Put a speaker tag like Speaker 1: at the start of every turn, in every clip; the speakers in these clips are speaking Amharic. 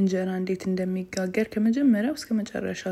Speaker 1: እንጀራ እንዴት እንደሚጋገር ከመጀመሪያው እስከ መጨረሻ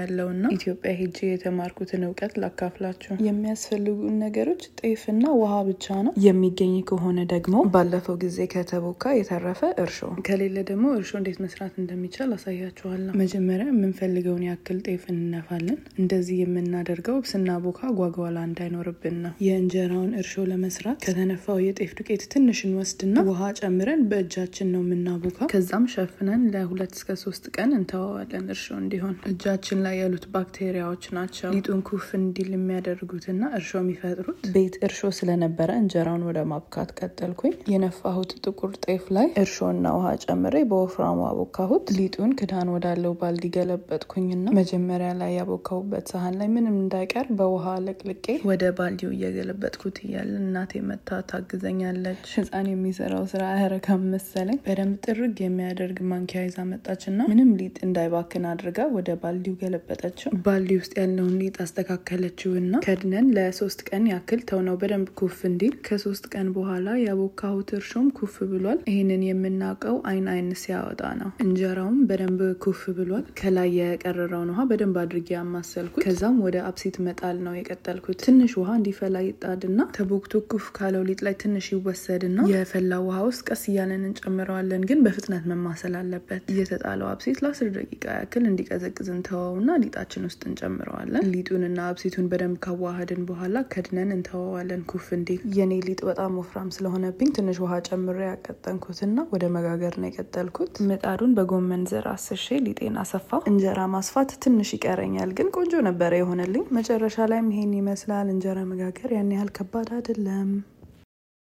Speaker 1: ያለው እና ኢትዮጵያ ሄጄ የተማርኩትን እውቀት ላካፍላችሁ። የሚያስፈልጉን ነገሮች ጤፍና ውሃ ብቻ ነው። የሚገኝ ከሆነ ደግሞ ባለፈው ጊዜ ከተቦካ የተረፈ እርሾ፣ ከሌለ ደግሞ እርሾ እንዴት መስራት እንደሚቻል አሳያችኋለሁ። መጀመሪያ የምንፈልገውን ያክል ጤፍ እንነፋለን። እንደዚህ የምናደርገው ስናቦካ ጓጓላ እንዳይኖርብን ነው። የእንጀራውን እርሾ ለመስራት ከተነፋው የጤፍ ዱቄት ትንሽ እንወስድና ውሃ ጨምረን በእጃችን ነው የምናቦካ። ከዛም ሸፍነን ለሁለት እስከ ሶስት ቀን እንተዋዋለን እርሾ እንዲሆን። እጃችን ላይ ያሉት ባክቴሪያዎች ናቸው ሊጡን ኩፍ እንዲል የሚያደርጉትና እርሾ የሚፈጥሩት። ቤት እርሾ ስለነበረ እንጀራውን ወደ ማብካት ቀጠልኩኝ። የነፋሁት ጥቁር ጤፍ ላይ እርሾና ውሃ ጨምሬ በወፍራሙ አቦካሁት። ሊጡን ክዳን ወዳለው ባልዲ ገለበጥኩኝና መጀመሪያ ላይ ያቦካሁበት ሳህን ላይ ምንም እንዳይቀር በውሃ ለቅልቄ ወደ ባልዲው እየገለበጥኩት እያለ እናቴ መታ ታግዘኛለች። ህፃን የሚሰራው ስራ አያረካም መሰለኝ። በደንብ ጥርግ የሚያደርግ ማንኪያ ማንኪያ ይዛ መጣች እና ምንም ሊጥ እንዳይባክን አድርጋ ወደ ባልዲው ገለበጠችው። ባልዲ ውስጥ ያለውን ሊጥ አስተካከለችው እና ከድነን ለሶስት ቀን ያክል ተውነው በደንብ ኩፍ እንዲል። ከሶስት ቀን በኋላ ያቦካሁት እርሾም ኩፍ ብሏል። ይህንን የምናውቀው አይን አይን ሲያወጣ ነው። እንጀራውም በደንብ ኩፍ ብሏል። ከላይ የቀረረውን ውሃ በደንብ አድርጌ ያማሰልኩት። ከዛም ወደ አብሲት መጣል ነው የቀጠልኩት። ትንሽ ውሃ እንዲፈላ ይጣድና ተቦክቶ ኩፍ ካለው ሊጥ ላይ ትንሽ ይወሰድና የፈላ ውሃ ውስጥ ቀስ እያለን እንጨምረዋለን። ግን በፍጥነት መማሰል አለብን። አለበት። እየተጣለው አብሴት ለአስር ደቂቃ ያክል እንዲቀዘቅዝ እንተወውና ሊጣችን ውስጥ እንጨምረዋለን። ሊጡንና አብሴቱን በደንብ ካዋሃድን በኋላ ከድነን እንተወዋለን ኩፍ እንዲል። የኔ ሊጥ በጣም ወፍራም ስለሆነብኝ ትንሽ ውሃ ጨምሬ ያቀጠንኩትና ወደ መጋገር ነው የቀጠልኩት። ምጣዱን በጎመን ዘር አስሼ ሊጤን አሰፋው። እንጀራ ማስፋት ትንሽ ይቀረኛል፣ ግን ቆንጆ ነበረ የሆነልኝ። መጨረሻ ላይም ይሄን ይመስላል። እንጀራ መጋገር ያን ያህል ከባድ አይደለም።